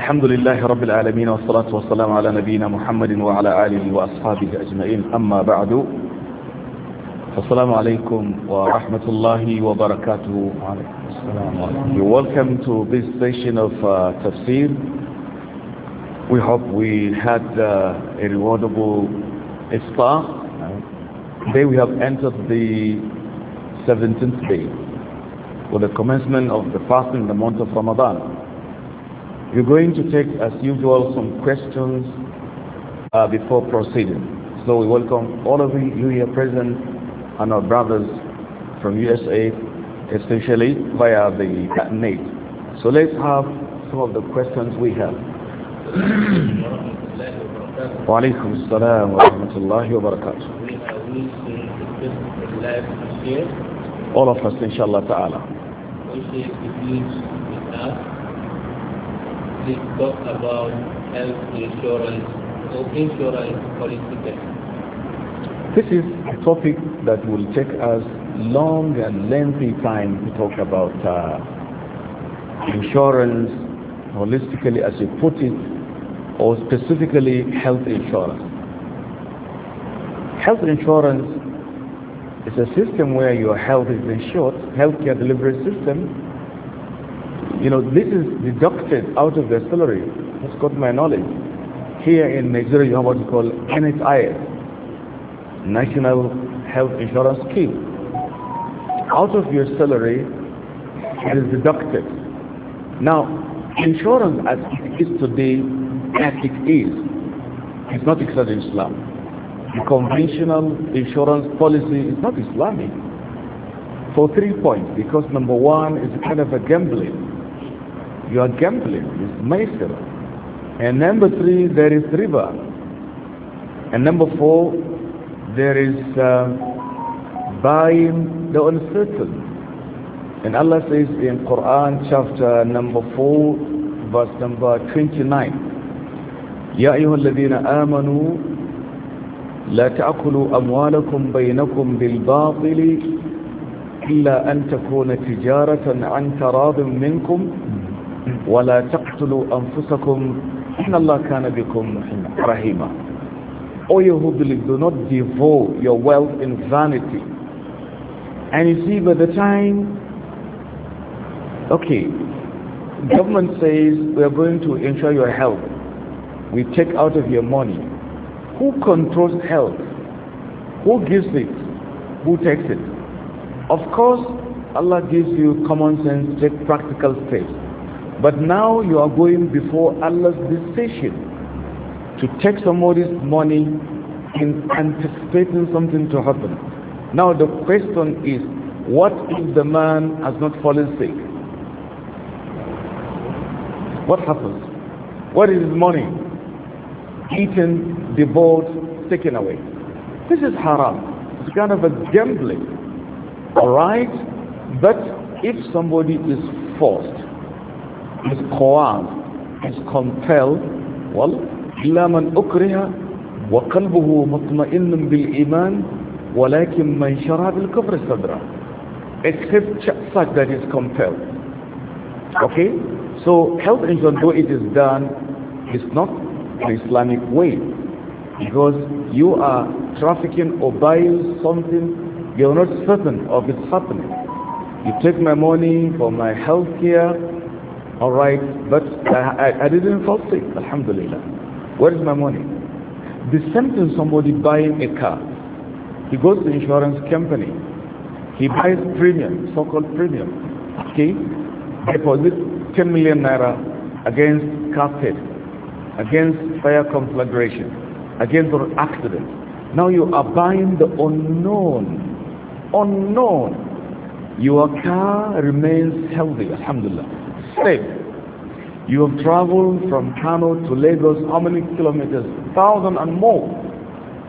الحمد لله رب العالمين والصلاة والسلام على نبينا محمد وعلى آله وأصحابه أجمعين أما بعد السلام عليكم ورحمة الله وبركاته You're welcome to this session of uh, Tafsir We hope we had uh, a rewardable iftar Today we have entered the 17th day with the commencement of the fasting in the month of Ramadan We're going to take, as usual, some questions uh, before proceeding. So we welcome all of you here present and our brothers from USA, especially via the net. So let's have some of the questions we have. وعليكم السلام ورحمة الله وبركاته. All of us, inshallah ta'ala discuss about health insurance or insurance policy. This is a topic that will take us long and lengthy time to talk about uh, insurance holistically as you put it or specifically health insurance. Health insurance is a system where your health is insured, healthcare delivery system you know, this is deducted out of their salary. That's got my knowledge. Here in Nigeria, you have what is called call NHIS, National Health Insurance Scheme. Out of your salary, it is deducted. Now, insurance as it is today, as it is, is not accepted in Islam. The conventional insurance policy is not Islamic for three points because number one is kind of a gambling you are gambling. It's maisara. And number three, there is river. And number four, there is uh, buying the uncertain. And Allah says in Quran chapter number 4 verse number 29 يا أيها الذين آمنوا لا تأكلوا أموالكم بينكم بالباطل إلا أن تكون تجارة عن تراض منكم ولا تقتلوا أنفسكم إن الله كان بكم رحيما O you do not devote your wealth in vanity. And you see, by the time, okay, government says we are going to ensure your health. We take out of your money. Who controls health? Who gives it? Who takes it? Of course, Allah gives you common sense, take practical steps. But now you are going before Allah's decision to take somebody's money in anticipating something to happen. Now the question is, what if the man has not fallen sick? What happens? What is his money? Eaten, devoured, taken away. This is haram. It's kind of a gambling. Alright? But if somebody is forced is coerced, is compelled, well, إلا من أكره وقلبه مطمئن بالإيمان ولكن من شرع بالكفر صدره except such that is compelled okay so health insurance though it is done is not the Islamic way because you are trafficking or buying something you're not certain of its happening you take my money for my health care all right, but I, I, I didn't fall sick, alhamdulillah. Where is my money? The same thing somebody buying a car. He goes to insurance company. He buys premium, so-called premium. Okay? Deposit 10 million naira against car theft, against fire conflagration, against an accident. Now you are buying the unknown. Unknown. Your car remains healthy, alhamdulillah same. You have traveled from Kano to Lagos, how many kilometers? Thousand and more.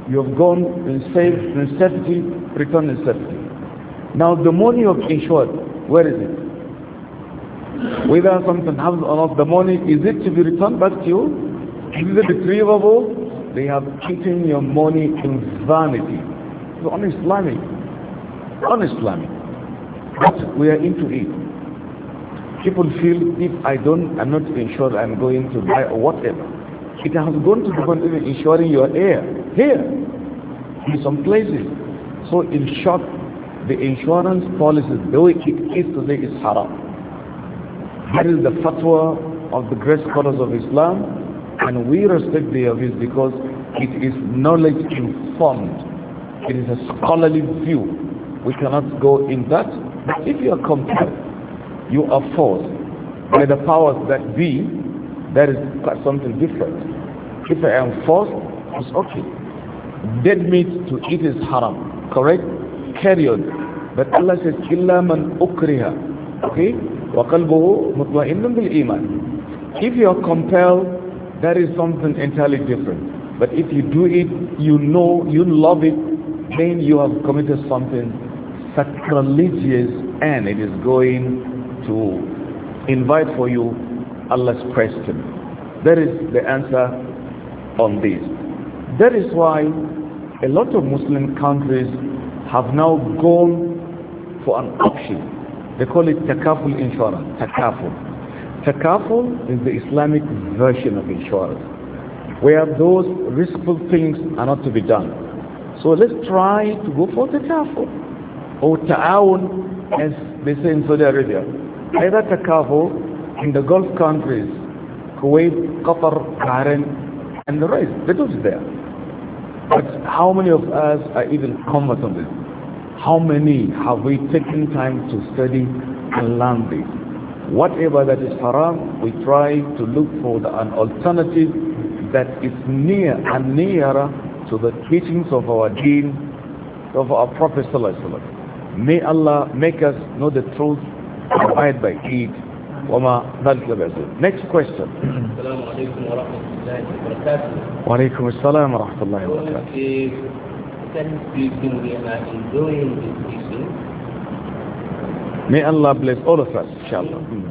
You have gone in safe, in safety, returned in safety. Now the money you have insured, where is it? Whether something happens or not, the money, is it to be returned back to you? Is it retrievable? They have eaten your money in vanity. It's un-Islamic. Un-Islamic. But we are into it people feel if I don't, I'm not insured, I'm going to die or whatever. It has gone to the point of insuring your air here in some places. So in short, the insurance policy, the way it is today is haram. That is the fatwa of the great scholars of Islam and we respect their views because it is knowledge informed. It is a scholarly view. We cannot go in that. But if you are compelled you are forced by the powers that be, that is something different. If I am forced, it's okay. Dead meat to eat is haram, correct? Carry on. But Allah says, إِلَّا مَنْ أُكْرِهَ Okay? وَقَلْبُهُ مُطْمَئِنٌ بِالْإِيمَانِ If you are compelled, that is something entirely different. But if you do it, you know, you love it, then you have committed something sacrilegious and it is going to invite for you Allah's question. That is the answer on this. That is why a lot of Muslim countries have now gone for an option. They call it takaful insurance, takaful. Takaful is the Islamic version of insurance, where those riskful things are not to be done. So let's try to go for the or ta'awun as they say in Saudi Arabia either Takafo in the Gulf countries, Kuwait, Qatar, Bahrain, and the rest. That was there. But how many of us are even conversant on this? How many have we taken time to study and learn this? Whatever that is haram, we try to look for the, an alternative that is near and nearer to the teachings of our deen, of our Prophet May Allah make us know the truth abide by it next question السلام عليكم ورحمة May Allah bless all of us, inshallah. Hmm.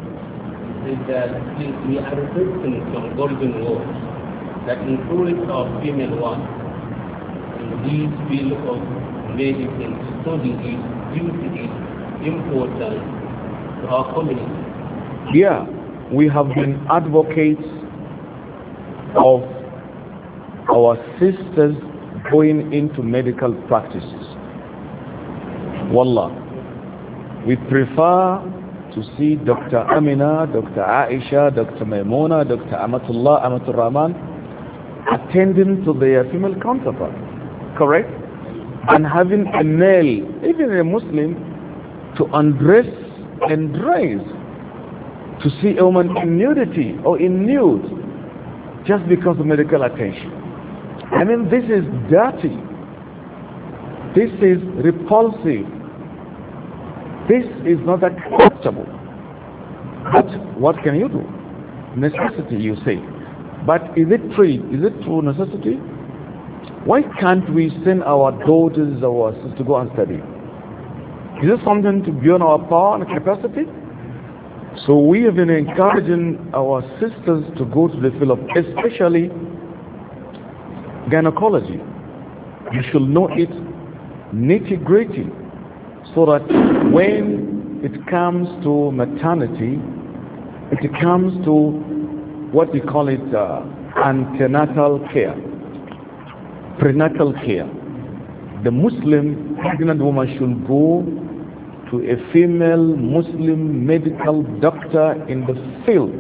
We are resisting some golden rules that include our female one. These field of medicine, study is, duty is important to our community. Yeah, we have been advocates of our sisters going into medical practices. Wallah. We prefer to see Dr. Amina, Dr. Aisha, Dr. Maimuna, Dr. Amatullah, Amatul Rahman attending to their female counterpart. Correct? And having a male, even a Muslim, to undress and to see a woman in nudity or in nude just because of medical attention. I mean, this is dirty. This is repulsive. This is not acceptable. But what can you do? Necessity, you say. But is it true? Is it true necessity? Why can't we send our daughters, our sisters to go and study? Is this something to beyond our power and capacity? So we have been encouraging our sisters to go to the field of, especially gynecology. You should know it nitty-gritty so that when it comes to maternity, it comes to what we call it uh, antenatal care, prenatal care. The Muslim pregnant woman should go to a female Muslim medical doctor in the field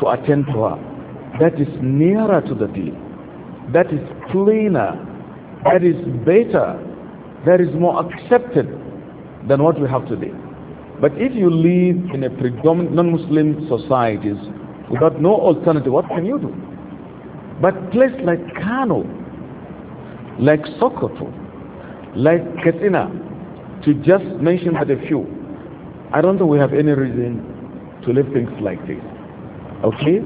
to attend to her. That is nearer to the deen. That is cleaner. That is better. That is more accepted than what we have today. But if you live in a predominant non-Muslim societies without no alternative, what can you do? But places like Kano, like Sokoto, like Katina, to just mention but a few. I don't think we have any reason to leave things like this. Okay?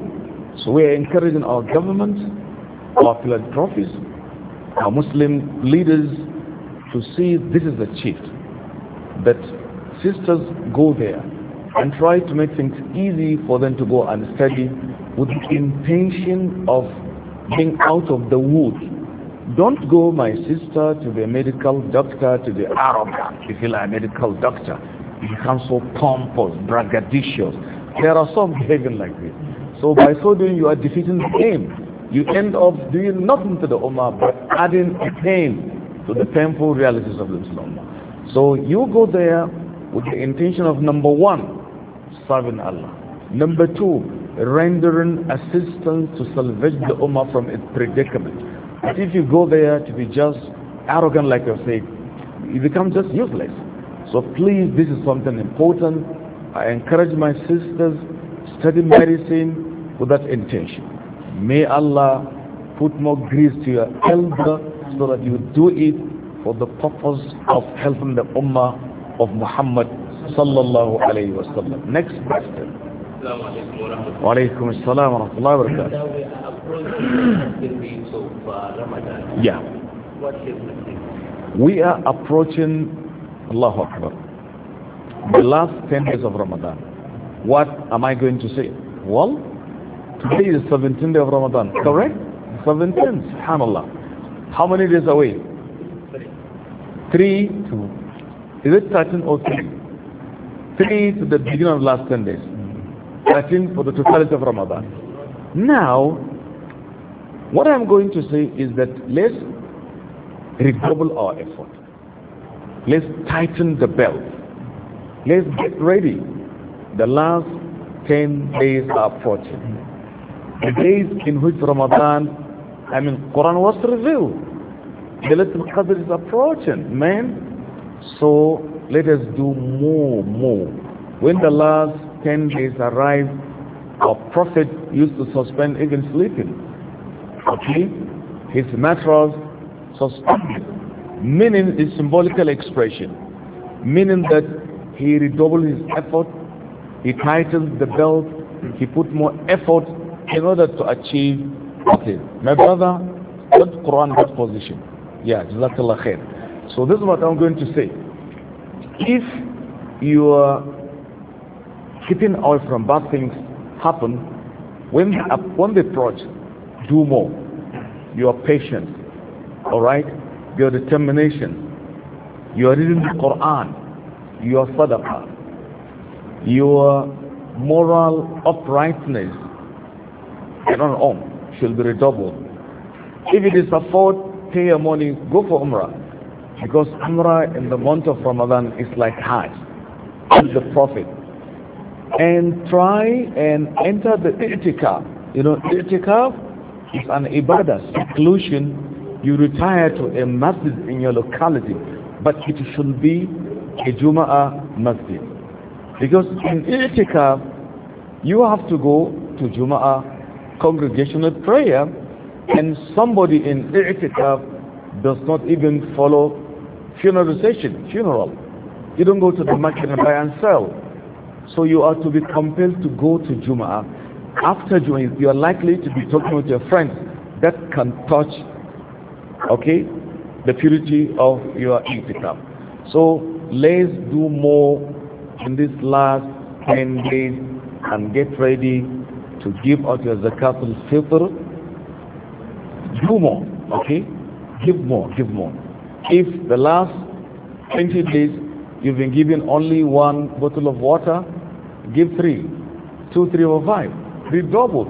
So we are encouraging our government, our philanthropists, our Muslim leaders to see this is achieved. shift. That sisters go there and try to make things easy for them to go and study with the intention of being out of the woods. Don't go, my sister, to the medical doctor, to the arrogant. You feel like a medical doctor. You become so pompous, braggadocious. There are some behaving like this. So by so doing, you are defeating the aim. You end up doing nothing to the Ummah, but adding pain to the painful realities of the Islam. So you go there with the intention of number one, serving Allah. Number two, rendering assistance to salvage the Ummah from its predicament. But if you go there to be just arrogant like you say, you become just useless. So please, this is something important. I encourage my sisters, study medicine with that intention. May Allah put more grace to your elder so that you do it for the purpose of helping the ummah of Muhammad sallallahu alayhi wa sallam. Next question. Wa alaykum as-salam wa rahmatullahi wa barakatuh approaching of uh, Ramadan. Yeah. We are approaching Allahu Akbar. The last 10 days of Ramadan. What am I going to say? Well, today is 17th day of Ramadan, correct? 17th, subhanAllah. How many days away? Three to, is it 13 or 3? 3 to the beginning of the last 10 days. 13 for the totality of Ramadan. Now, what I'm going to say is that let's redouble our effort. Let's tighten the belt. Let's get ready. The last 10 days are approaching. The days in which Ramadan, I mean, Quran was revealed. The little Qadr is approaching, man. So let us do more, more. When the last 10 days arrive, our Prophet used to suspend even sleeping Okay? His mattress suspended. Meaning is symbolical expression. Meaning that he redoubled his effort, he tightened the belt, he put more effort in order to achieve nothing. My brother, what Quran that position? Yeah, So this is what I'm going to say. If you are keeping away from bad things happen, when upon when they do more. Your patience, all right? Your determination, your reading the Quran, your sadaqah, your moral uprightness, and on on shall be redoubled. If it is afford, pay your money, go for Umrah. Because Umrah in the month of Ramadan is like Hajj, is the Prophet. And try and enter the itikaf. You know, itikaf it's an ibadah, seclusion. You retire to a masjid in your locality, but it should be a Jumu'ah masjid. Because in itikaf, you have to go to Jumu'ah congregational prayer, and somebody in itikaf does not even follow funeral session, funeral. You don't go to the market and buy and sell. So you are to be compelled to go to Jumu'ah after joining, you are likely to be talking with your friends that can touch okay the purity of your itikaf so let's do more in this last 10 days and get ready to give out your zakat al-fitr do more okay give more give more if the last 20 days you've been given only one bottle of water give three two three or five redoubled.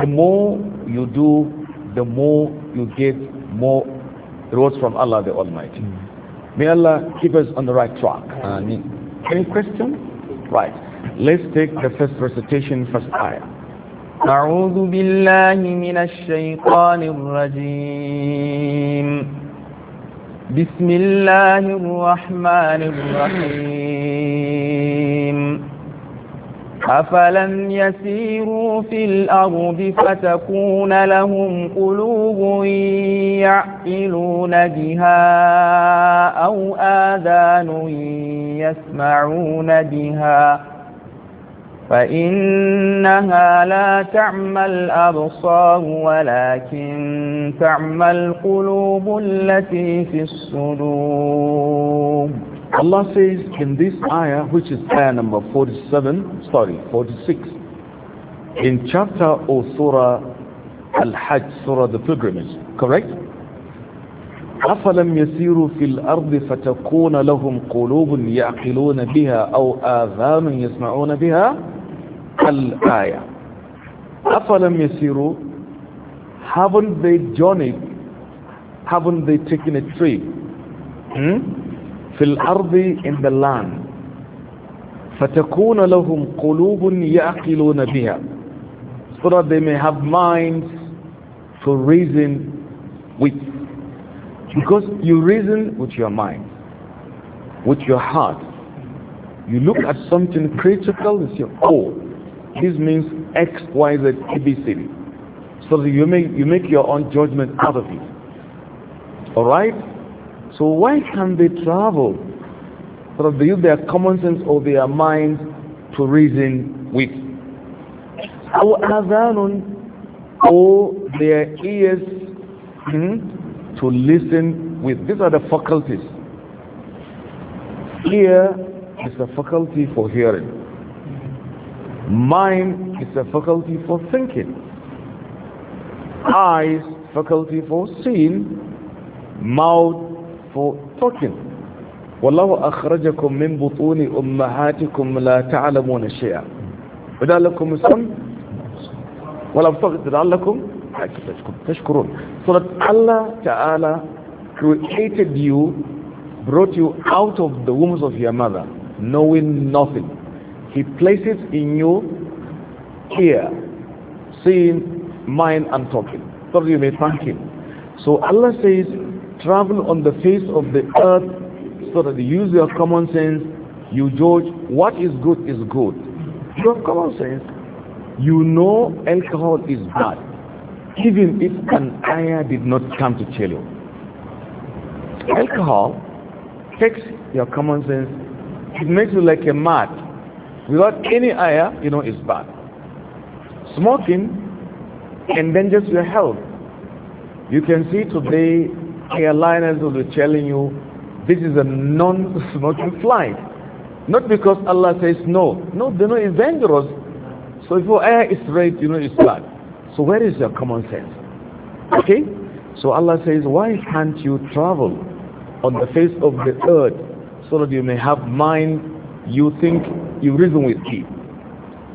The more you do, the more you get more rewards from Allah the Almighty. Hmm. May Allah keep us on the right track. Any question? Right. Let's take the first recitation, first ayah. أعوذ بالله من الشيطان الرجيم بسم الله الرحمن الرحيم أفلم يسيروا في الأرض فتكون لهم قلوب يعقلون بها أو آذان يسمعون بها فإنها لا تعمى الأبصار ولكن تعمى القلوب التي في الصدور Allah says in this ayah, which is ayah number 47, sorry, 46, in chapter or surah Al-Hajj, surah the pilgrimage, correct? أفلم يسيروا في الأرض فتكون لهم قلوب يعقلون بها أو آذان يسمعون بها الآية أفلم يسيروا haven't they journeyed haven't they taken a trip hmm? في الأرض in the land فتكون لهم قلوب يعقلون بها so that they may have minds to reason with because you reason with your mind with your heart you look at something critical and say oh this means x y z abcd so that you make you make your own judgment out of it all right so why can they travel? But they use their common sense or their mind to reason with. or their ears hmm, to listen with. These are the faculties. Ear is a faculty for hearing. Mind is a faculty for thinking. Eyes, faculty for seeing. Mouth, for talking والله أخرجكم من بطون أمهاتكم لا تعلمون شيئا وجعل لكم السمع والأبصار لعلكم تشكرون so that Allah Ta'ala created you brought you out of the wombs of your mother knowing nothing he places in you ear seeing mind and talking so you may thank him so Allah says travel on the face of the earth so that you use your common sense, you judge what is good is good. You have common sense. You know alcohol is bad, even if an ayah did not come to tell you. Alcohol takes your common sense, it makes you like a mad. Without any ayah, you know it's bad. Smoking endangers your health. You can see today airliners will be telling you this is a non-smoking flight. Not because Allah says no. No, they know it's dangerous. So if your air is red, you know it's bad. So where is your common sense? Okay? So Allah says, why can't you travel on the face of the earth so that you may have mind, you think, you reason with it.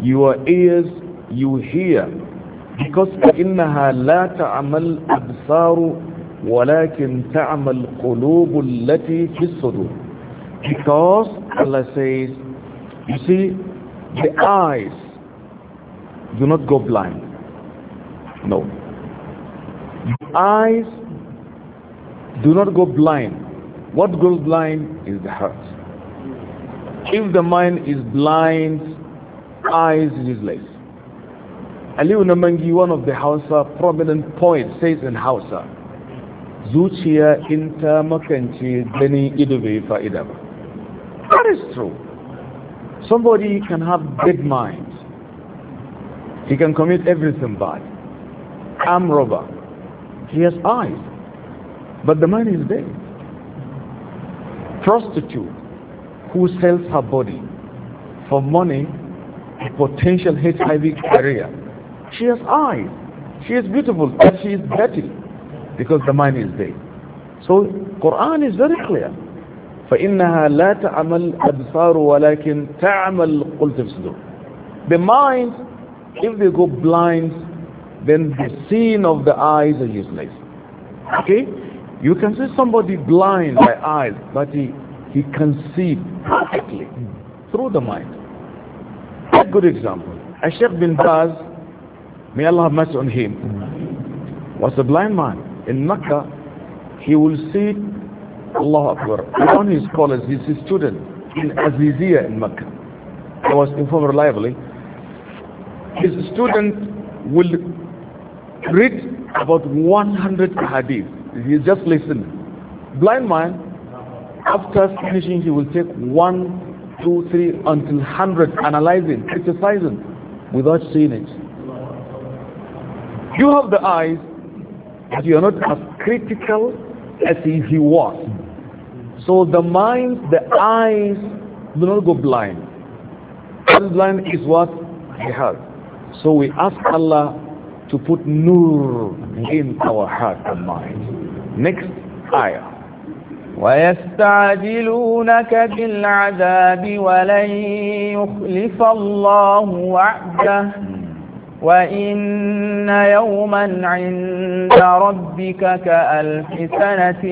Your ears, you hear. Because إنها لَا تَعْمَلْ أَبْصَارُ ولكن تعمى القلوب التي في الصدور because Allah says you see the eyes do not go blind no the eyes do not go blind what goes blind is the heart if the mind is blind eyes is useless Ali Unamangi, one of the Hausa prominent poets, says in Hausa, zuciya in ta makance ido bai fa'ida ba that is true somebody can have big mind he can commit everything bad I'm robber he has eyes but the mind is dead prostitute who sells her body for money a potential HIV career. she has eyes she is beautiful but she is dirty because the mind is there. So Quran is very clear. فإنها لا تعمل أبصار ولكن تعمل قلت الصدور. The mind, if they go blind, then the seeing of the eyes is useless. Okay? You can see somebody blind by eyes, but he, he can see perfectly through the mind. A good example. Ashaq bin Baz, may Allah have mercy on him, was a blind man in Mecca, he will see Allah Akbar. One of his scholars, he's a student in Azizia in Mecca. I was informed reliably. His student will read about 100 hadith. He just listen. Blind man, after finishing, he will take one, two, three, until 100, analyzing, criticizing, without seeing it. You have the eyes, that you are not as critical as if he was. So the mind, the eyes do not go blind. blind is what? we have. So we ask Allah to put nur in our heart and mind. Next ayah. ويستعجلونك بالعذاب ولن يخلف الله وعده وإن يوما عند ربك كألف سنة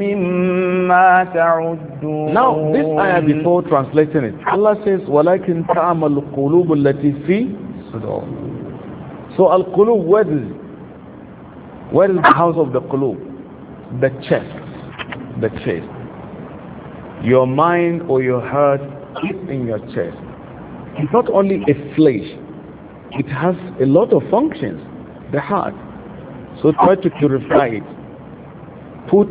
مما تعدون Now this ayah before translating it Allah says ولكن تعمل القلوب التي في صدور So القلوب where is where is the house of the قلوب the chest the chest your mind or your heart is in your chest it's not only a flesh it has a lot of functions, the heart. So try to purify it. Put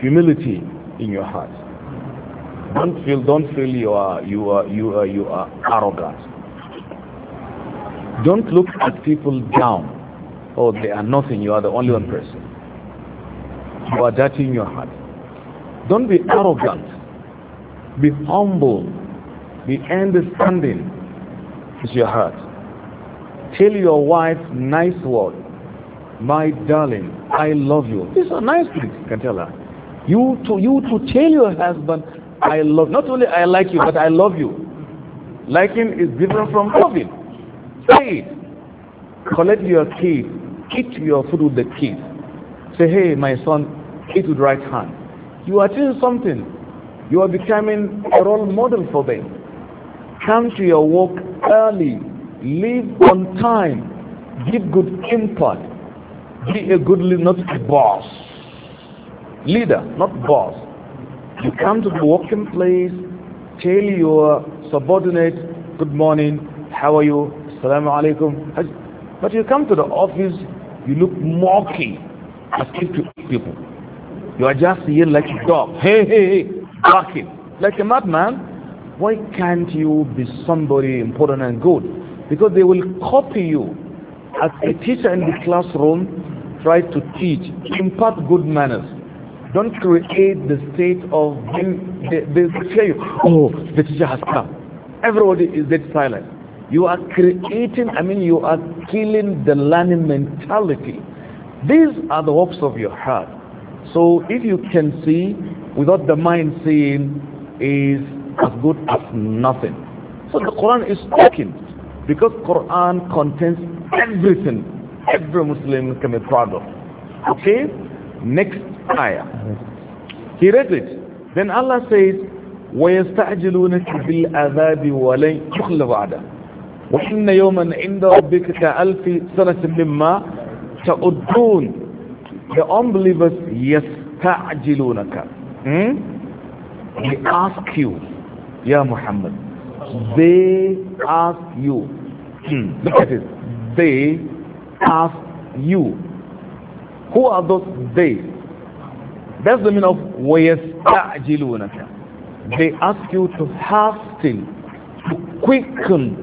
humility in your heart. Don't feel don't feel you are you are you are you are arrogant. Don't look at people down. Oh, they are nothing. You are the only one person. You are dirty in your heart. Don't be arrogant. Be humble. Be understanding is your heart. Tell your wife nice word. My darling, I love you. These are nice things you can tell her. You to you to tell your husband, I love not only I like you, but I love you. Liking is different from loving. Say it. Collect your kid. Eat your food with the kid. Say, hey, my son, eat with right hand. You are doing something. You are becoming a role model for them. Come to your work early. Leave on time. Give good input. Be a good leader, not a boss. Leader, not boss. You come to the working place, tell your subordinate, good morning, how are you, assalamu alaikum. But you come to the office, you look mocking as if to people. You are just here like a dog. Hey, hey, hey, barking. Like a madman why can't you be somebody important and good? Because they will copy you as a teacher in the classroom, try to teach, impart good manners. Don't create the state of being, they, they fear you. Oh, the teacher has come. Everybody is dead silent. You are creating, I mean, you are killing the learning mentality. These are the hopes of your heart. So if you can see, without the mind seeing, is as good as nothing. So the Quran is talking because Quran contains everything every Muslim can be proud of. Okay? Next ayah. He read it. Then Allah says, وَيَسْتَعْجِلُونَكَ بِالْعَذَابِ وَلَنْ يُخْلَ وَإِنَّ يَوْمًا عِنْدَ رَبِّكَ كَأَلْفِ سَنَةٍ مِّمَّا تَعُدُّونَ The unbelievers يَسْتَعْجِلُونَكَ hmm? They ask you Ya Muhammad. They ask you. Hmm, look at it. They ask you. Who are those they? That's the meaning of وَيَسْتَعْجِلُونَكَ They ask you to hasten, to quicken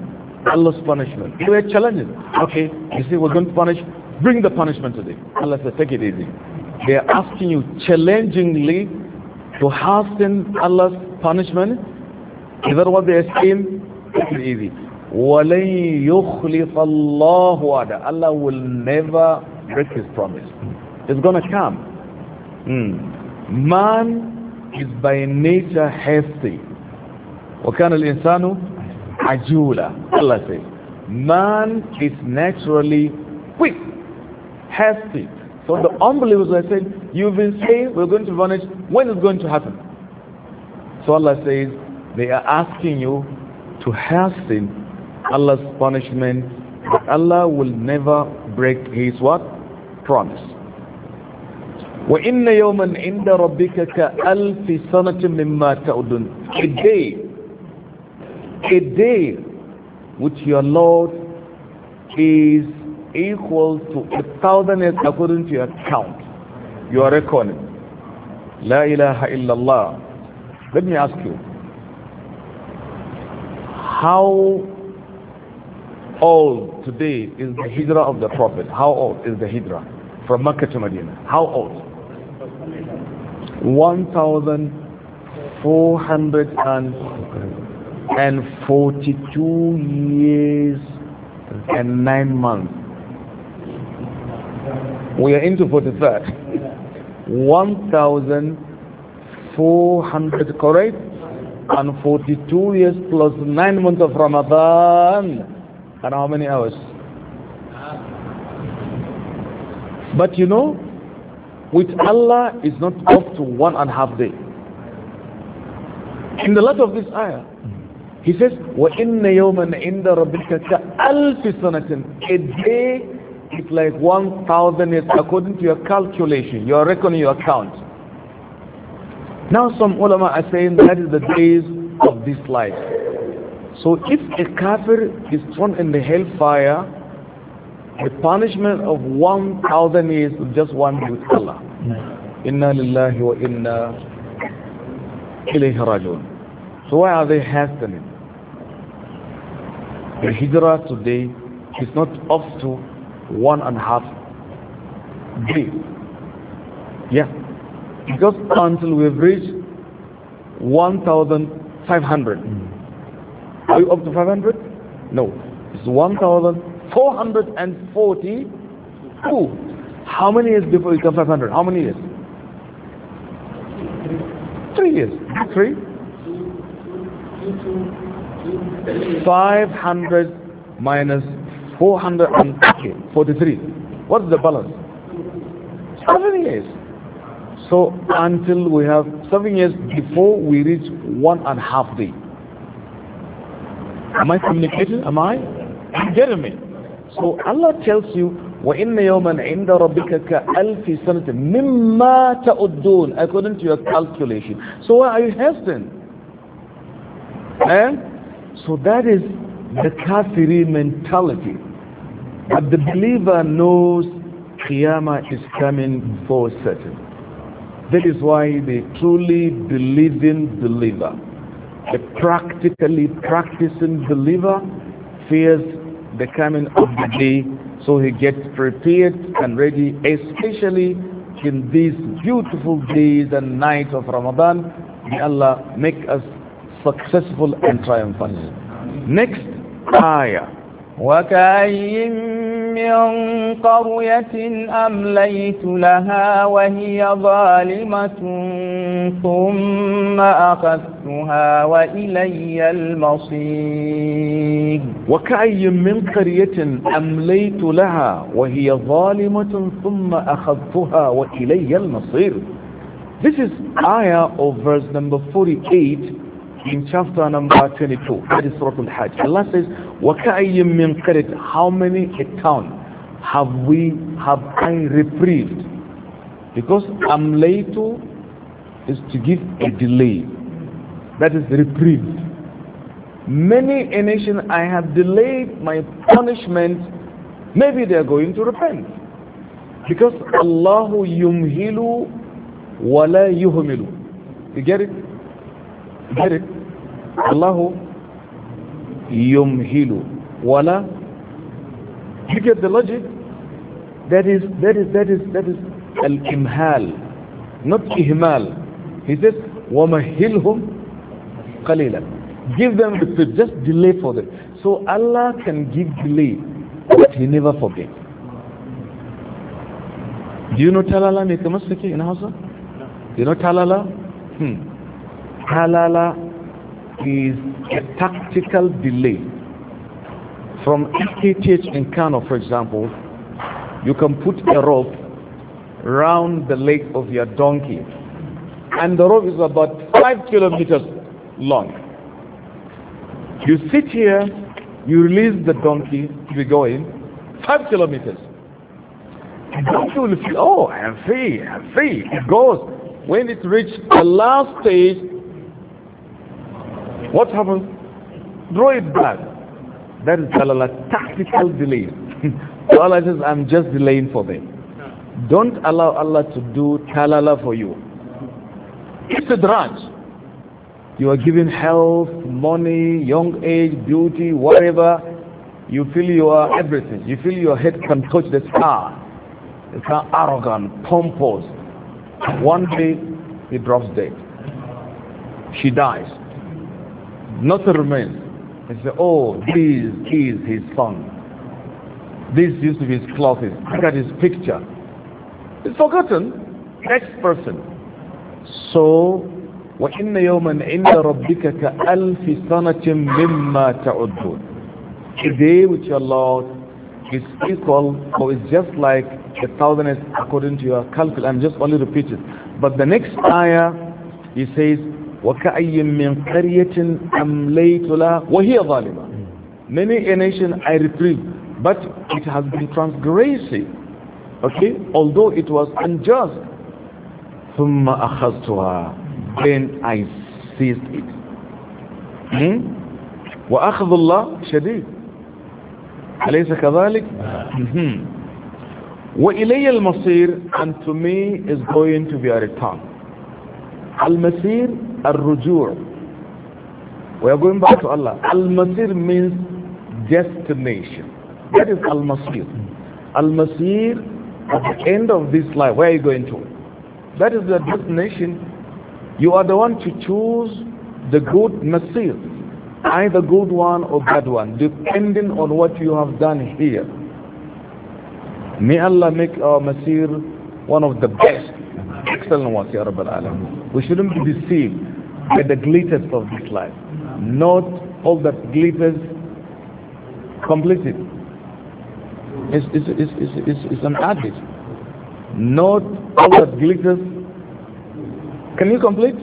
Allah's punishment. You are challenging. Okay, you see, we're going to punish. Bring the punishment today. Allah says, take it easy. They are asking you challengingly to hasten Allah's punishment even what they are it is easy. وَلَن يُخْلِفَ اللَّهُ وَعْدَ Allah will never break his promise. It's going to come. Hmm. Man is by nature hasty. وَكَانَ الْإِنسَانُ عَجُولًا Allah says, man is naturally quick, hasty. So the unbelievers are saying, you've been saying we're going to vanish. When is it going to happen? So Allah says, they are asking you to hasten Allah's punishment but Allah will never break his what? promise وَإِنَّ يَوْمًا عِنْدَ رَبِّكَ كَأَلْفِ سَنَةٍ مِمَّا تَعُدُونَ A day, a day which your Lord is equal to a thousand years according to your count, are reckoning. La ilaha illallah. Let me ask you, how old today is the hijrah of the Prophet? How old is the hijrah from Mecca to Medina? How old? 1,442 years and 9 months. We are into 43rd. 1,400, correct? and 42 years plus 9 months of Ramadan and how many hours? But you know, with Allah is not up to one and a half day. In the light of this ayah, he says, وَإِنَّ يَوْمًا عِنْدَ رَبِّكَ كَأَلْفِ سَنَةٍ A day is like 1,000 years according to your calculation, your reckoning, your account. Now some ulama are saying that is the days of this life. So if a kafir is thrown in the hellfire, the punishment of 1,000 years is just one day with Allah. Inna lillahi wa inna ilayhi rajoon. So why are they hastening? The hijrah today is not up to one and a half day. Yeah just until we've reached 1,500. Mm. Are you up to 500? No. It's 1,442. How many years before you come 500? How many years? Three years. Three? 500 minus 443. What's the balance? Seven years. So until we have seven years before we reach one and a half day. Am I communicating? Am I? You getting me? So Allah tells you, وَإِنَّ يَوْمًا عِنْدَ رَبِّكَ كَأَلْفِ سَنَةٍ مِمَّا تَعُدُّونَ According to your calculation. So why are you hesitant? Eh? So that is the kafiri mentality. But the believer knows Qiyamah is coming for certain. That is why the truly believing believer, the practically practicing believer, fears the coming of the day, so he gets prepared and ready, especially in these beautiful days and nights of Ramadan. May Allah make us successful and triumphant. Next ayah. من قرية أمليت لها وهي ظالمة ثم أخذتها وإلي المصير وكأي من قرية أمليت لها وهي ظالمة ثم أخذتها وإلي المصير This is ayah of verse number 48 in chapter number 22 that is Surah Al-Hajj Allah says وَكَأَيِّم مِّن قَرِتْ how many a town have we have I reprieved because amlaytu is to give a delay that is reprieved many a nation I have delayed my punishment maybe they are going to repent because Allah yumhilu wala yuhmilu you get it get it allahu yumhilu wala you get the logic that is that is that is that is al-imhal not ihmal he says وَمَهِّلْهُمْ قَلِيلًا Give them the food, just delay for them. So Allah can give delay, but He never forget. Do you know talala make a mistake in Hausa? Do you know talala? Hmm. halala is a tactical delay. From FKTH in Kano, for example, you can put a rope round the leg of your donkey. And the rope is about five kilometers long. You sit here, you release the donkey, you go in, five kilometers. The donkey will feel, oh, I'm free, I'm free. It goes. When it reaches the last stage, what happens? Draw it back. That is Allah tactical delay. so Allah says, I'm just delaying for them. Don't allow Allah to do talala for you. It's a drudge. You are given health, money, young age, beauty, whatever. You feel you are everything. You feel your head can touch the sky. It's an arrogant, pompous. One day, he drops dead. She dies nothing remains. He said, oh, this is his son. This used to be his clothes. Look at his picture. It's forgotten. Next person. So, وَإِنَّ يَوْمًا عِنْدَ رَبِّكَ كَأَلْفِ سَنَةٍ مِمَّا تَعُدُّونَ A day with your Lord is equal or is just like a thousand according to your calculation. I'm just only repeating. But the next ayah, he says, وكأي من قرية أمليت لها وهي ظالمة many a nation I retrieve but it has been transgressive okay although it was unjust ثم أخذتها then I seized it hmm? وأخذ الله شديد أليس كذلك mm-hmm. وإلي المصير and to me is going to be a return المصير Ar-Rujur. We are going back to Allah. Al-Masir means destination. That is Al-Masir. Al-Masir, at the end of this life, where are you going to? That is the destination. You are the one to choose the good Masir, either good one or bad one, depending on what you have done here. May Allah make our Masir one of the best excellent ones, Ya Rabbal Alam. We shouldn't be deceived by the glitters of this life. Not all that glitters completed. It's, it's, it's, it's, it's an adage. Not all that glitters. Can you complete?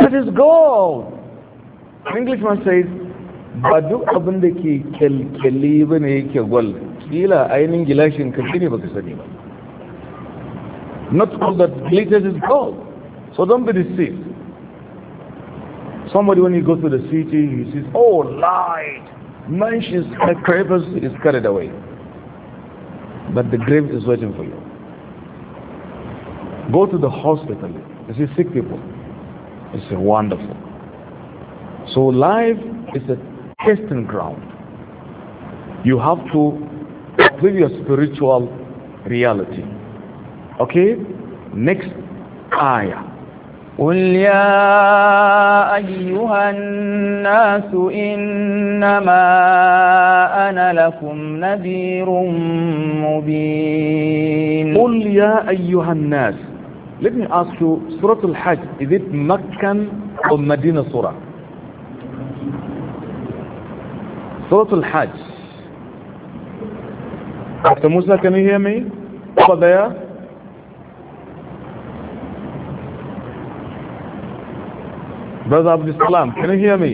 That is gold. An Englishman says, "Badu duk kel da ke kyalkyali ba ne yake gwal kila gilashin not all that glitters is gold so don't be deceived Somebody when he goes to the city, he says, oh, light, mansions, the crevice is carried away. But the grave is waiting for you. Go to the hospital. You see sick people. It's wonderful. So life is a testing ground. You have to live your spiritual reality. Okay? Next ayah. قل يا أيها الناس إنما أنا لكم نذير مبين قل يا أيها الناس Let me ask you, Surah Al-Hajj, is it Meccan or Medina Surah? Surah Al-Hajj. Dr. Musa, can you hear me? Over there? Brother Abdul Salam, can you hear me?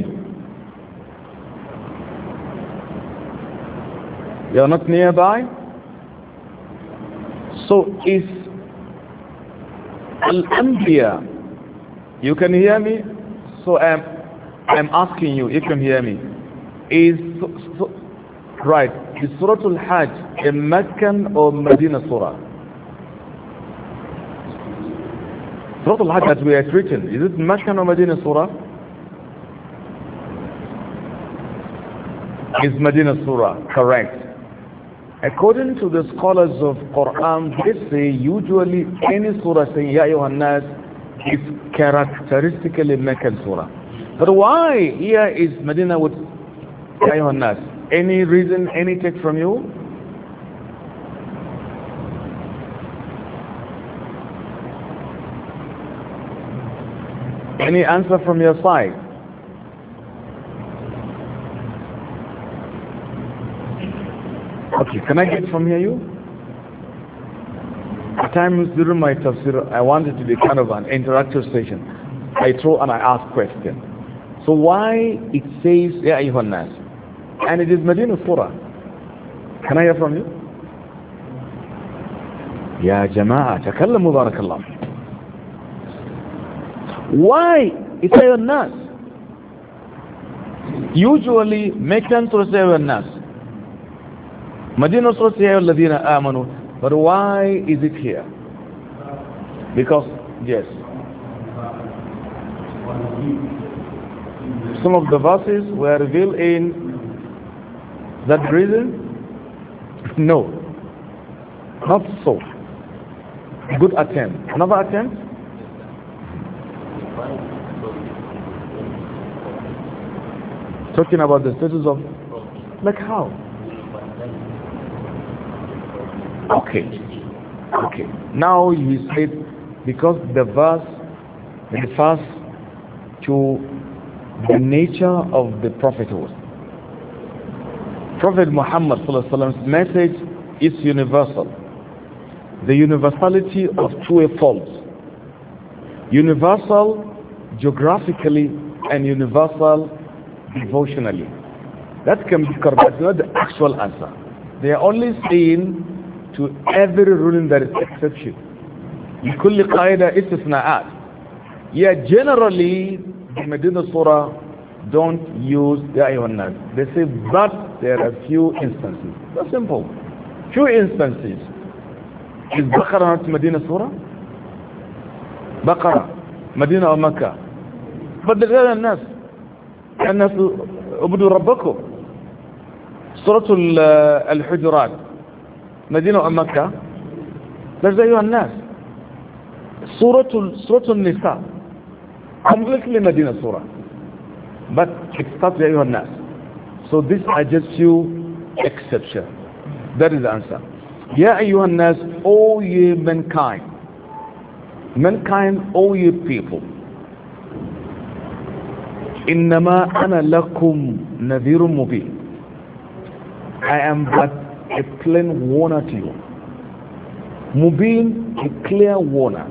You are not nearby? So if Al-Anbiya, you can hear me? So I'm, I'm asking you, you can hear me. Is, so, right, is Surah Al-Hajj a Meccan or Medina Surah? Surah Al-Hajj as we have written, is it Mashkan or Medina Surah? Is Medina Surah correct? According to the scholars of Quran, they say usually any surah saying Ya Yohannas is characteristically Meccan surah. But why here is Medina with Ya Yohannas? Any reason, any take from you? Any answer from your side? Okay, can I get from here you? At times during my tafsir, I wanted to be kind of an interactive session. I throw and I ask question. So why it says, Ya Ayuhan Nas? And it is Medina Surah. Can I hear from you? Ya Jama'a, takallamu barakallahu. Why? there a nas. Usually, make them to say nas. Madina to say alladhina amanu. But why is it here? Because, yes. Some of the verses were revealed in that reason? No. Not so. Good attempt. Another attempt? Talking about the status of... Like how? Okay. Okay. Now you said, because the verse refers to the nature of the prophethood. Prophet Muhammad Muhammad's message is universal. The universality of true faults. Universal geographically and universal devotionally. That can be correct, not the actual answer. They are only saying to every ruling there is exception. لكل قاعدة استثناءات. Yeah, generally, the Medina Surah don't use the Ayyuhannas. They say, but there are few instances. That's simple. Few instances. Is Baqarah not Medina Surah? Baqarah, Medina or Makkah? بدل هذا الناس الناس عبدوا ربكم سورة الحجرات مدينة مكة لجد أيها الناس سورة, سورة النساء أملك لمدينة سورة but except أيها الناس so this I just you exception that is the answer يا أيها الناس all ye mankind mankind all ye people إنما أنا لكم نذير مبين I am but a plain warner to you Mubin, a clear warner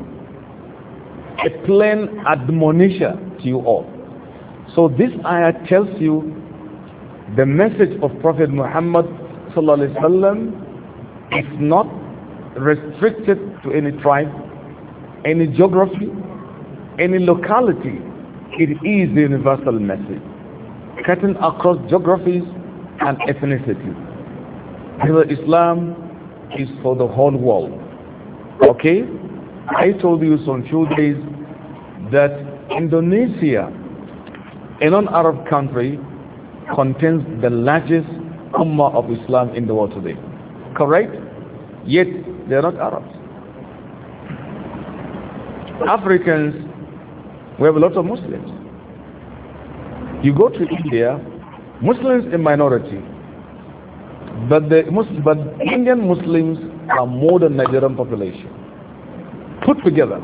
a plain admonition to you all so this ayah tells you the message of Prophet Muhammad sallallahu alaihi wasallam is not restricted to any tribe any geography any locality It is the universal message, cutting across geographies and ethnicities. Because Islam is for the whole world. Okay? I told you some few days that Indonesia, a non-Arab country, contains the largest ummah of Islam in the world today. Correct? Yet, they are not Arabs. Africans we have a lot of Muslims. You go to India, Muslims a minority, but the Muslim, but Indian Muslims are more than Nigerian population put together.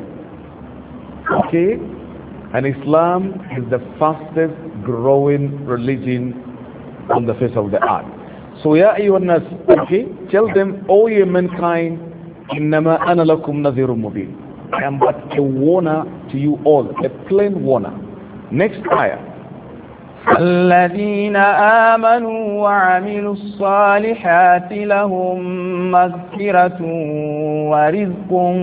Okay, and Islam is the fastest growing religion on the face of the earth. So ya ayyuhan nas, okay, tell them, O ye mankind, innama ana lakum nadhirun mubin. I am but a warner to you all, a plain warner. Next ayah. الذين آمنوا وعملوا الصالحات لهم مغفرة ورزق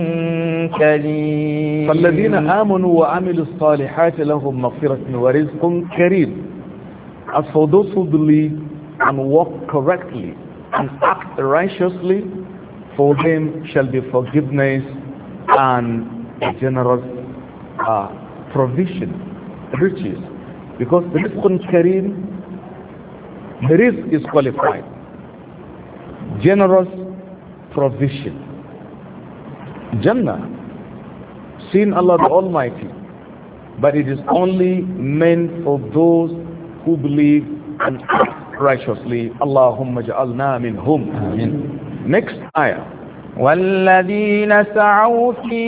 كريم فالذين آمنوا وعملوا الصالحات لهم مغفرة ورزق كريم As for those who believe and walk correctly and act righteously, for them shall be forgiveness and generous uh, provision, riches. Because the on Kareem, the risk is qualified. Generous provision. Jannah, seen Allah the Almighty, but it is only meant for those who believe and act righteously. Allahumma ja'alna minhum. Next ayah. والذين سعوا في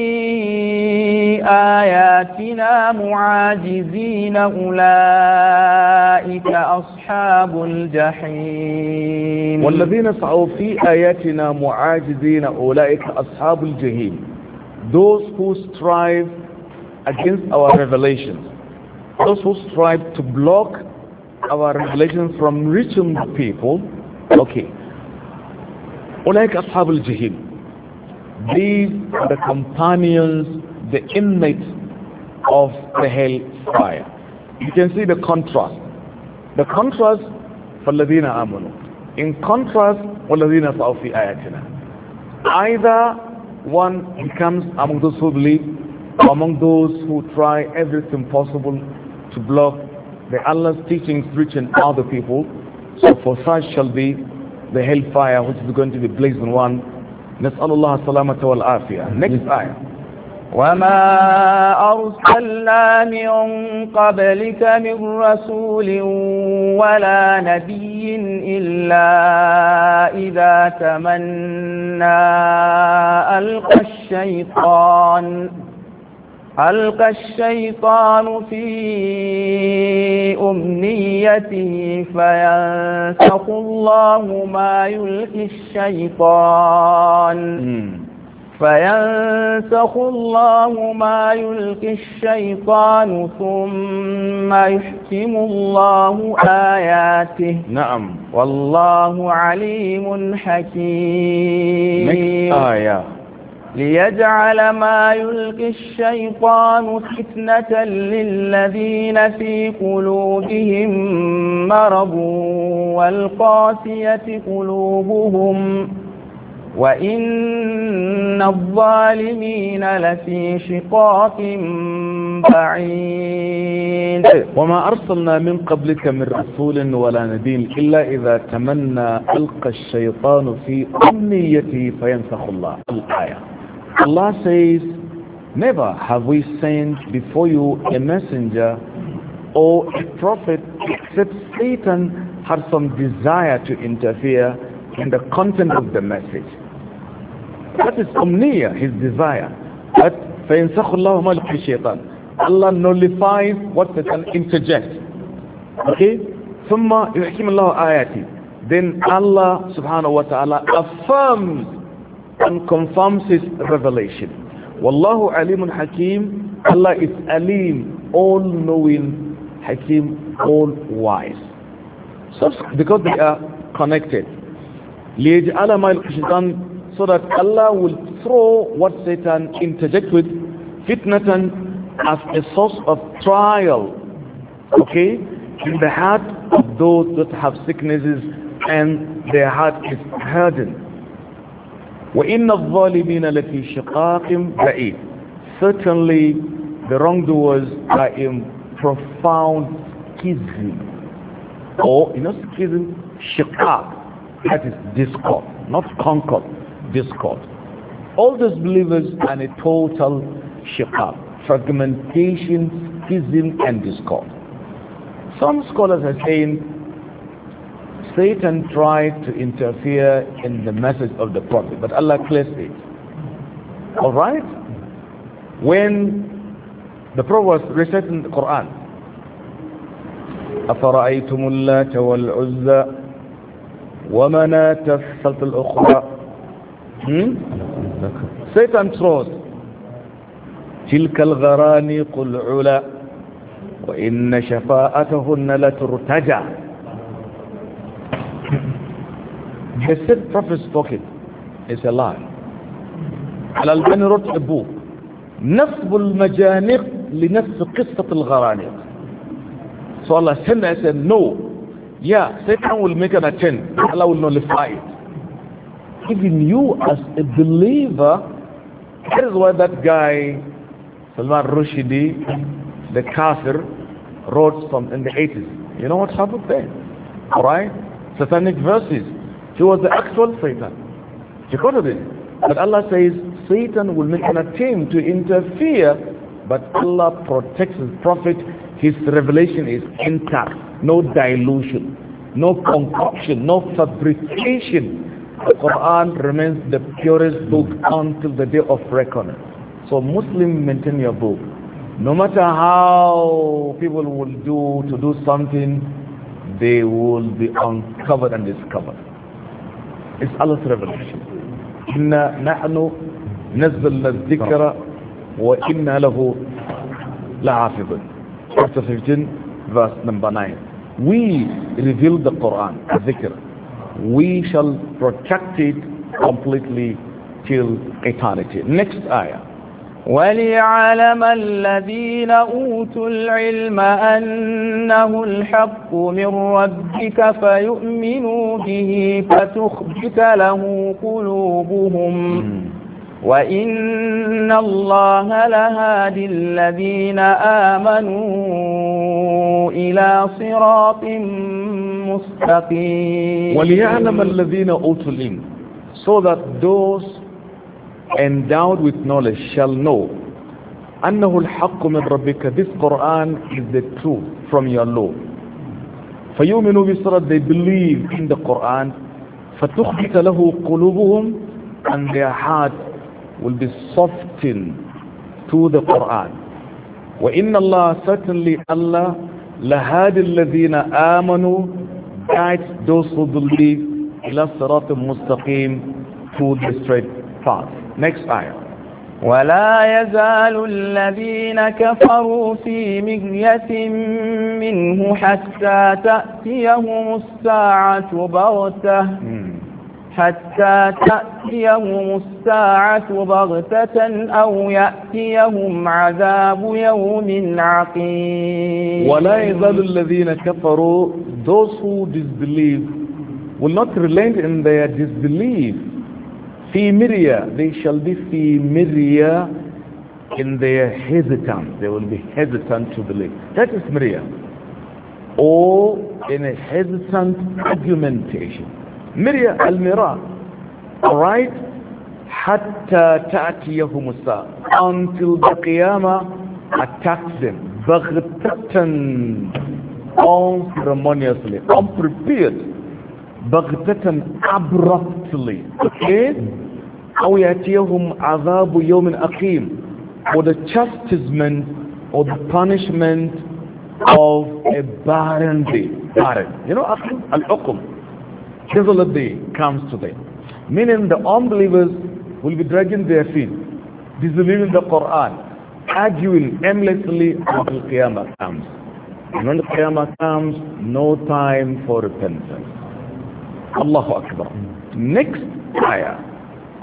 آياتنا معاجزين أولئك أصحاب الجحيم والذين سعوا في آياتنا معاجزين أولئك أصحاب الجحيم Those who strive against our revelations Those who strive to block our revelations from reaching the people Okay أولئك أصحاب الجحيم These are the companions, the inmates of the hellfire. You can see the contrast. The contrast, فَالَّذِينَ آمَنُوا In contrast, وَالَّذِينَ سَعُوا فِي آيَاتِنَا Either one becomes among those who believe, among those who try everything possible to block the Allah's teachings reaching other people. So for such shall be the hellfire which is going to be blazing one نسأل الله السلامة والعافية next آية وما أرسلنا من قبلك من رسول ولا نبي إلا إذا تمنى ألقى الشيطان ألقى الشيطان في ذريته فينسخ الله ما يلقي الشيطان فينسخ الله ما يلقي الشيطان ثم يحكم الله آياته نعم والله عليم حكيم آية ليجعل ما يلقي الشيطان فتنة للذين في قلوبهم مرض والقاسية قلوبهم وإن الظالمين لفي شقاق بعيد وما أرسلنا من قبلك من رسول ولا نبي إلا إذا تمنى ألقى الشيطان في أمنيته فينسخ الله الآية Allah says, Never have we sent before you a messenger or a prophet except Satan had some desire to interfere in the content of the message. That is omnia, his desire. But فَيَنْسَخُ اللَّهُ مَلْكِ الشَّيْطَانِ Allah nullifies what Satan interjects. Okay? ثُمَّ يُحْكِمُ اللَّهُ آيَاتِ Then Allah subhanahu wa ta'ala affirms and confirms his revelation. Wallahu alimun hakim, Allah is alim, all-knowing, hakim, all-wise. So, because they are connected. لِيَجْعَلَ مَا الْقِشْتَانِ So that Allah will throw what Satan interject with, fitnatan, as a source of trial, okay, in the heart of those that have sicknesses and their heart is hardened. وَإِنَّ الظَّالِمِينَ لَفِي شِقَاقٍ بَعِيدٍ Certainly the wrongdoers are in profound schism or in you know, schism, شقاق that is discord, not concord, discord. All those believers are in a total شقاق fragmentation, schism and discord. Some scholars are saying Satan tried to interfere in the message of the prophet, but Allah cleansed it. All right? When the prophet was reciting the Quran, أَفَرَأَيْتُمُ اللَّاتَ وَالْعُزَّى وَمَنَاتَ الثَّلْتَ الْأُخْرَى hmm? Satan throws تِلْكَ الْغَرَانِقُ الْعُلَى وَإِنَّ شَفَاءَتَهُنَّ لَتُرْتَجَى He said prophet spoke it. It's a lie. على البن رتعبوه نصب المجانق لنفس قصة الغرانق So Allah sent I said no yeah Satan will make an attempt Allah will nullify it even you as a believer that is why that guy Salman Rushdie the kafir wrote from in the 80s you know what happened there alright satanic verses She was the actual Satan. She quoted it. But Allah says Satan will make an attempt to interfere, but Allah protects his prophet. His revelation is intact, no dilution, no concoction, no fabrication. The Quran remains the purest book until the day of reckoning. So Muslim maintain your book. No matter how people will do to do something, they will be uncovered and discovered. It's Allah's revelation. إِنَّا al نَزَّلْنَا الذِّكْرَ وَإِنَّا لَهُ la'afidun. Chapter 15, verse number 9. We reveal the Quran, the dhikr. We shall protect it completely till eternity. Next ayah. وليعلم الذين أوتوا العلم أنه الحق من ربك فيؤمنوا به فتخبت له قلوبهم وإن الله لهادي الذين آمنوا إلى صراط مستقيم وليعلم الذين أوتوا العلم so that those endowed with knowledge shall know أنه الحق من ربك this Quran is the truth from your Lord فيؤمنوا بصرة they believe in the Quran فتخبت له قلوبهم and their heart will be softened to the Quran وإن الله certainly Allah لهاد الذين آمنوا guides those who believe إلى صراط مستقيم to the straight path next ayah ولا يزال الذين كفروا في مغية منه حتى تأتيهم الساعة بغتة hmm. حتى تأتيهم الساعة بغتة أو يأتيهم عذاب يوم عقيم ولا يزال الذين كفروا those who disbelieve will not relent in their disbelief Fi مريا they shall be fi Miria in their hesitant they will be hesitant to believe that is Miria, or in a hesitant argumentation al Mira, alright Hatta تأتيهم الساعة until the قيامة attacks them بغتة unceremoniously unprepared baghtatan abruptly okay أو يأتيهم عذاب يوم or the chastisement or the punishment of a barren day barren you know al-uqum desolate day comes to them meaning the unbelievers will be dragging their feet disbelieving the Quran arguing aimlessly until Qiyamah comes and when the Qiyamah comes no time for repentance Allahu Akbar. Next ayah.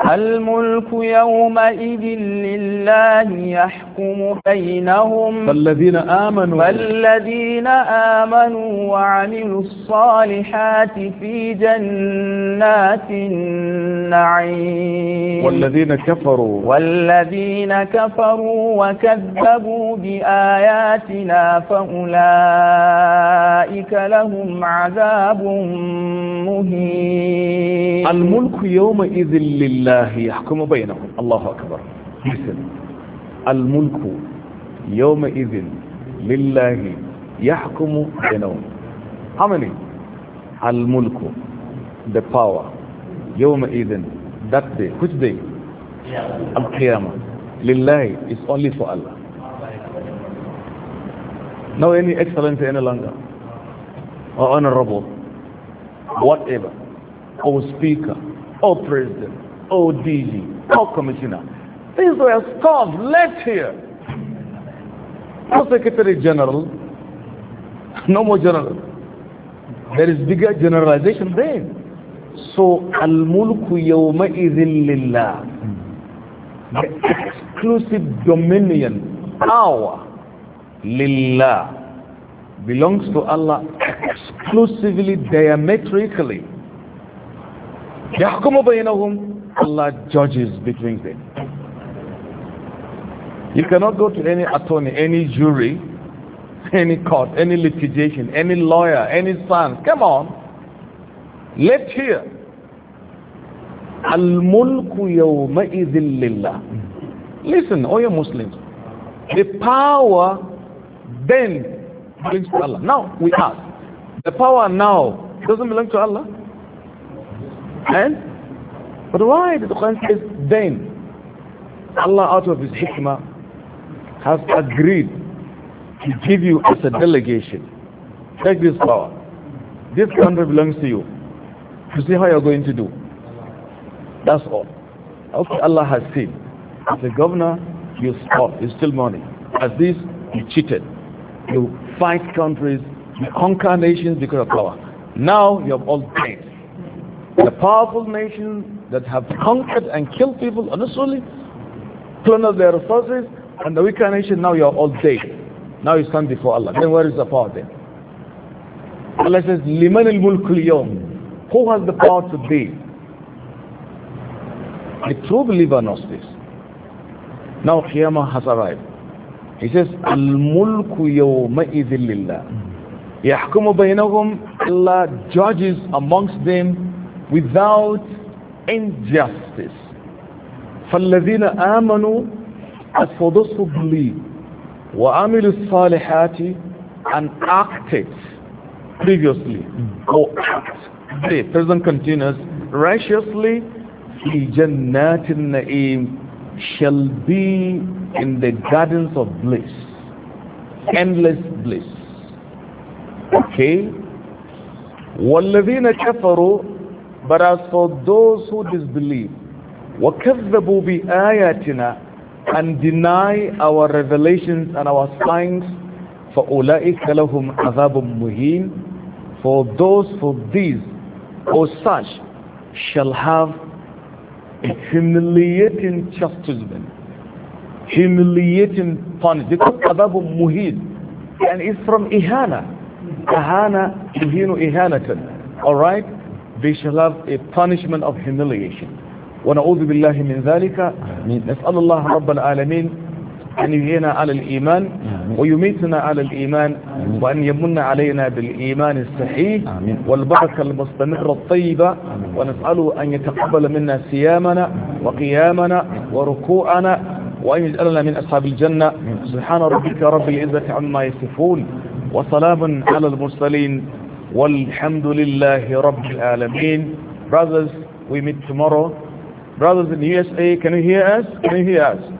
الملك يومئذ لله يحكم بينهم فالذين آمنوا فالذين آمنوا وعملوا الصالحات في جنات النعيم والذين كفروا والذين كفروا وكذبوا بآياتنا فأولئك لهم عذاب مهين الملك يومئذ لله الله يحكم بينهم الله أكبر مثل الملك يومئذ لله يحكم بينهم how many الملك the power يومئذ that day which day القيامة لله is only for Allah no any excellency any longer or honorable whatever or speaker or president ODG, Health Commissioner. These were stars left here. No Secretary General, no more General. There is bigger generalization there. So, Al-Mulku Yawma Izin Lillah. The exclusive dominion, power, Lillah, belongs to Allah exclusively, diametrically. يحكم بينهم Allah judges between them. You cannot go to any attorney, any jury, any court, any litigation, any lawyer, any son. Come on. Let's hear. Al-mulku yawma'idhin lillah. Listen, all oh, your Muslims. The power then belongs to Allah. Now we ask. The power now doesn't belong to Allah. And but why did the Quran says then Allah out of his hikmah has agreed to give you as a delegation. Take this power. This country belongs to you. To see how you're going to do. That's all. Okay, Allah has seen. As a governor, you stop, you steal money. As this, you cheated. You fight countries, you conquer nations because of power. Now you have all paid. The powerful nation that have conquered and killed people honestly, plundered their resources, and the weaker nation, now you are all dead. Now you stand before Allah. Then where is the power then? Allah says, لِمَنِ الْمُلْكُ الْيَوْمِ Who has the power today? A true believer knows this. Now Qiyamah has arrived. He says, الْمُلْكُ يَوْمَئِذٍ لِلَّهِ يَحْكُمُ بَيْنَهُمْ Allah judges amongst them without injustice فالذين آمنوا for those who believe وعملوا الصالحات and acted previously or act the present continuous righteously في جنات النعيم shall be in the gardens of bliss endless bliss okay والذين كفروا but as for those who disbelieve, وَكَذَّبُوا بِآيَاتِنَا and deny our revelations and our signs, فَأُولَئِكَ لَهُمْ عَذَابٌ مُهِينٌ For those, for these, or such, shall have a humiliating chastisement, humiliating punishment. Because عَذَابٌ And it's from ihana. Ahana, ihinu ihanatan. Alright? they shall have a punishment of humiliation ونعوذ بالله من ذلك نسأل الله رب العالمين أن يهينا على الإيمان ويميتنا على الإيمان وأن يمن علينا بالإيمان الصحيح والبركة المستمرة الطيبة ونسأله أن يتقبل منا صيامنا وقيامنا وركوعنا وأن يجعلنا من أصحاب الجنة سبحان ربك رب العزة عما يصفون وسلام على المرسلين Walhamdulillahi Rabbil Alamin. Brothers, we meet tomorrow. Brothers in USA, can you hear us? Can you hear us?